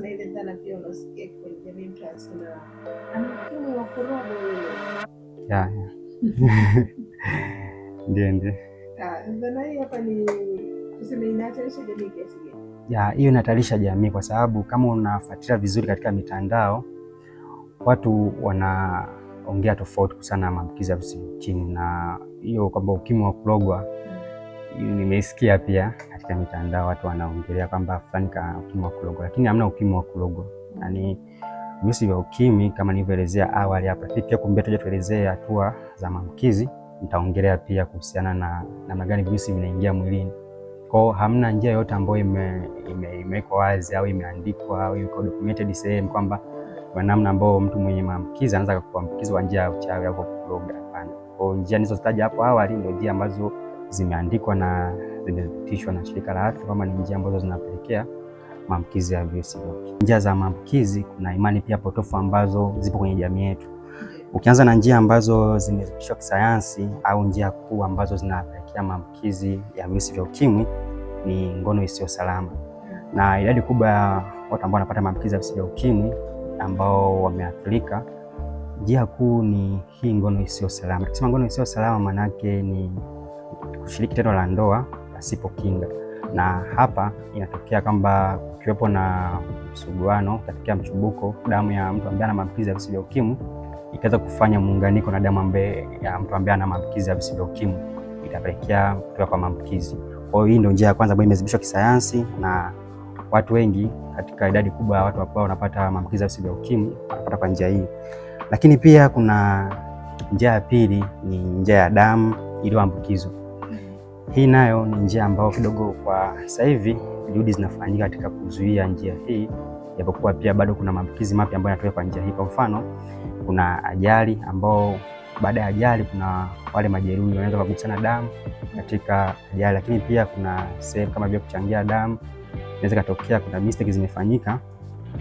na ile dhana pia unasikia kwenye jamii, mtu anasema wa ah, dhana hii hapa ni tuseme, inahatarisha jamii kiasi gani? Ya, hiyo inahatarisha jamii kwa sababu kama unafuatilia vizuri katika mitandao watu wanaongea tofauti kuhusiana na maambukizi ya virusi vya ukimwi na hiyo kwamba ukimwi wa kurogwa mm nimesikia pia katika mitandao watu wanaongelea kwamba fulani ka ukimwi wa kulogo, lakini hamna ukimwi wa kulogo. Yani virusi vya ukimwi kama nilivyoelezea awali hapa, lakini pia kumbe tuja tuelezee hatua za maambukizi. Nitaongelea pia kuhusiana na namna gani virusi vinaingia mwilini Kwa Hamna njia yoyote ambayo imewekwa ime, ime wazi au imeandikwa au iko documented sehemu kwamba kwa namna ambayo mtu mwenye maambukizi anaweza kuambukizwa njia ya uchawi au kuloga. Hapana, kwa njia nilizozitaja hapo awali ndio njia ambazo zimeandikwa na zimethibitishwa na shirika la afya kwamba ni njia ambazo zinapelekea maambukizi ya virusi vya njia za maambukizi. Kuna imani pia potofu ambazo zipo kwenye jamii yetu. Ukianza na njia ambazo zimethibitishwa kisayansi au njia kuu ambazo zinapelekea maambukizi ya virusi vya ukimwi ni ngono isiyo salama, na idadi kubwa ya watu ambao wanapata maambukizi ya virusi vya ukimwi ambao wameathirika njia kuu ni hii ngono isiyo salama. Tukisema ngono isiyo salama, maanake ni kushiriki tendo la ndoa pasipo kinga, na hapa inatokea kwamba kukiwepo na msuguano, utatokea mchubuko, damu ya mtu ambaye ana maambukizi ya virusi vya ukimwi ikaweza kufanya muunganiko na damu ya mtu ambaye ana maambukizi ya virusi vya ukimwi itapelekea kutoka kwa maambukizi. Kwa hiyo hii ndio njia ya kwanza ambayo imethibitishwa kisayansi na watu wengi katika idadi kubwa ya watu ambao wanapata maambukizi ya virusi vya ukimwi wanapata kwa njia hii. Lakini pia kuna njia ya pili, ni njia ya damu iliyoambukizwa. Hii nayo ni njia ambayo kidogo kwa sasa hivi juhudi zinafanyika katika kuzuia njia hii, japokuwa pia bado kuna maambukizi mapya ambayo yanatokea kwa njia hii. Kwa mfano, kuna ajali ambao baada ya ajali kuna wale majeruhi wanaweza kugusana damu katika ajali, lakini pia kuna sehemu kama vile kuchangia damu inaweza katokea, kuna mistake zimefanyika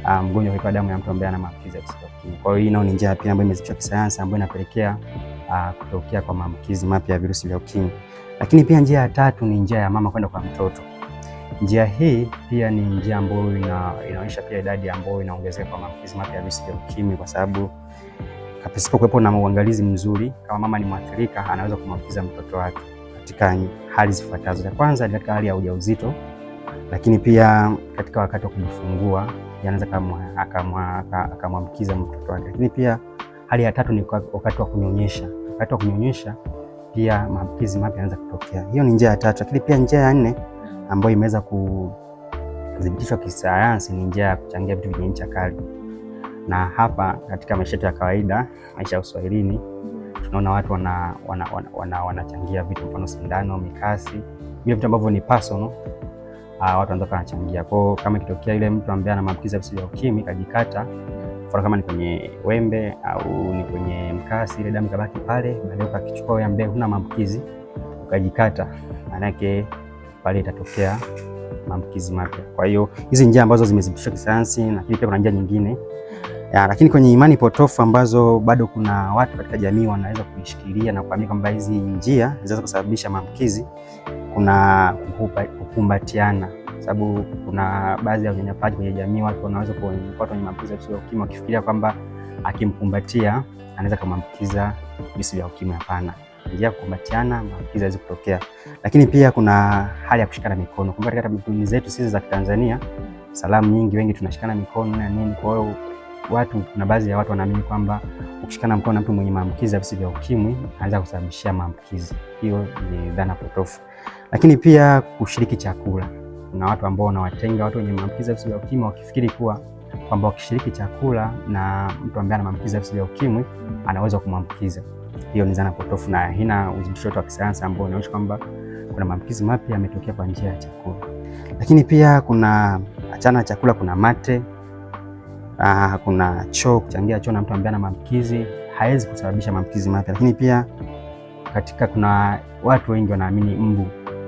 ah, mgonjwa um, damu ya mtu ambaye ana maambukizi ya kisukari. Kwa hiyo hii nao ni njia pia ambayo imezipisha kisayansi ambayo inapelekea ah, kutokea kwa maambukizi mapya ya virusi vya ukimwi. Lakini pia njia ya tatu ni njia ya mama kwenda kwa mtoto. Njia hii pia ni njia ambayo ina, inaonyesha pia idadi ambayo inaongezeka kwa maambukizi mapya ya virusi vya ukimwi, kwa sababu kapisipo kuwepo na uangalizi mzuri, kama mama ni mwathirika, anaweza kumwambukiza mtoto wake katika hali zifuatazo. Ya kwanza ni katika hali ya ujauzito, lakini pia katika wakati wa kujifungua anaweza akamwambukiza mtoto wake, lakini pia hali ya tatu ni wakati wa kunyonyesha. Wakati wa kunyonyesha pia maambukizi mapya yanaweza kutokea. Hiyo ni njia ya tatu, lakini pia njia ya nne ambayo imeweza kudhibitishwa kisayansi ni njia ya kuchangia vitu vyenye ncha kali, na hapa katika maisha yetu ya kawaida, maisha ya uswahilini, tunaona watu wanachangia wana, wana, wana, wana vitu, mfano sindano, mikasi, vile vitu ambavyo ni personal ah, watu wanaweza Kwa kwao, kama ikitokea ile mtu ambaye ana maambukizi ya virusi vya ukimwi kajikata Mfano kama ni kwenye wembe au ni kwenye mkasi, ile damu ikabaki pale, baadaye ukakichukua ya ambaye huna maambukizi ukajikata, maanake pale itatokea maambukizi mapya. Kwa hiyo hizi njia ambazo zimezibitishwa kisayansi, lakini pia kuna njia nyingine ya, lakini kwenye imani potofu ambazo bado kuna watu katika jamii wanaweza kuishikilia na kuamini kwamba hizi njia zinaweza kusababisha maambukizi, kuna kukumbatiana sababu kuna baadhi ya unyanyapaji kwenye jamii, watu wanaweza kupata maambukizi ya virusi vya ukimwi wakifikiria kwamba akimkumbatia anaweza kumwambukiza virusi vya ukimwi. Hapana, njia ya kukumbatiana maambukizi hawezi kutokea. Lakini pia kuna hali ya kushikana mikono. Kumbe katika tamaduni zetu sisi za Kitanzania, salamu nyingi, wengi tunashikana mikono na nini. Kwa hiyo watu, kuna baadhi ya watu wanaamini kwamba ukishikana mkono na mtu mwenye maambukizi ya virusi vya ukimwi anaweza kusababishia maambukizi. Hiyo ni dhana potofu. Lakini pia kushiriki chakula kuna watu ambao wanawatenga watu wenye maambukizi ya virusi vya ukimwi wakifikiri kuwa kwamba wakishiriki chakula na mtu ambaye ana maambukizi ya virusi vya ukimwi anaweza kumwambukiza. Hiyo ni dhana potofu na haina udhibitisho wote wa kisayansi ambao unaonyesha kwamba kuna maambukizi mapya yametokea kwa njia ya chakula. Lakini pia kuna achana chakula, kuna mate aa, ah, kuna choo, kuchangia choo na mtu ambaye ana maambukizi hawezi kusababisha maambukizi mapya. Lakini pia katika kuna watu wengi wanaamini mbu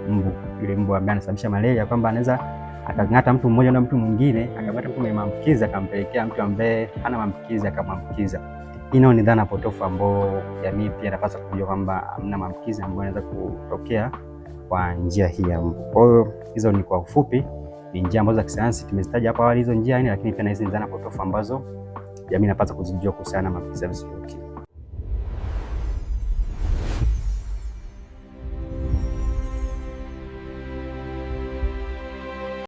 mbu yule mbu ambaye anasababisha malaria kwamba anaweza akang'ata mtu mmoja na mtu mwingine akamata mtu mwenye maambukizi akampelekea mtu ambaye hana maambukizi akamwambukiza. Hii ni dhana potofu ambayo jamii pia inapaswa kujua kwamba hamna maambukizi ambayo anaweza kutokea kwa njia hii ya mbu. Kwa hiyo hizo ni kwa ufupi ni njia ambazo za kisayansi tumezitaja hapo awali hizo njia lakini pia na hizi dhana potofu ambazo jamii inapaswa kuzijua kuhusiana na maambukizi ya virusi vya UKIMWI.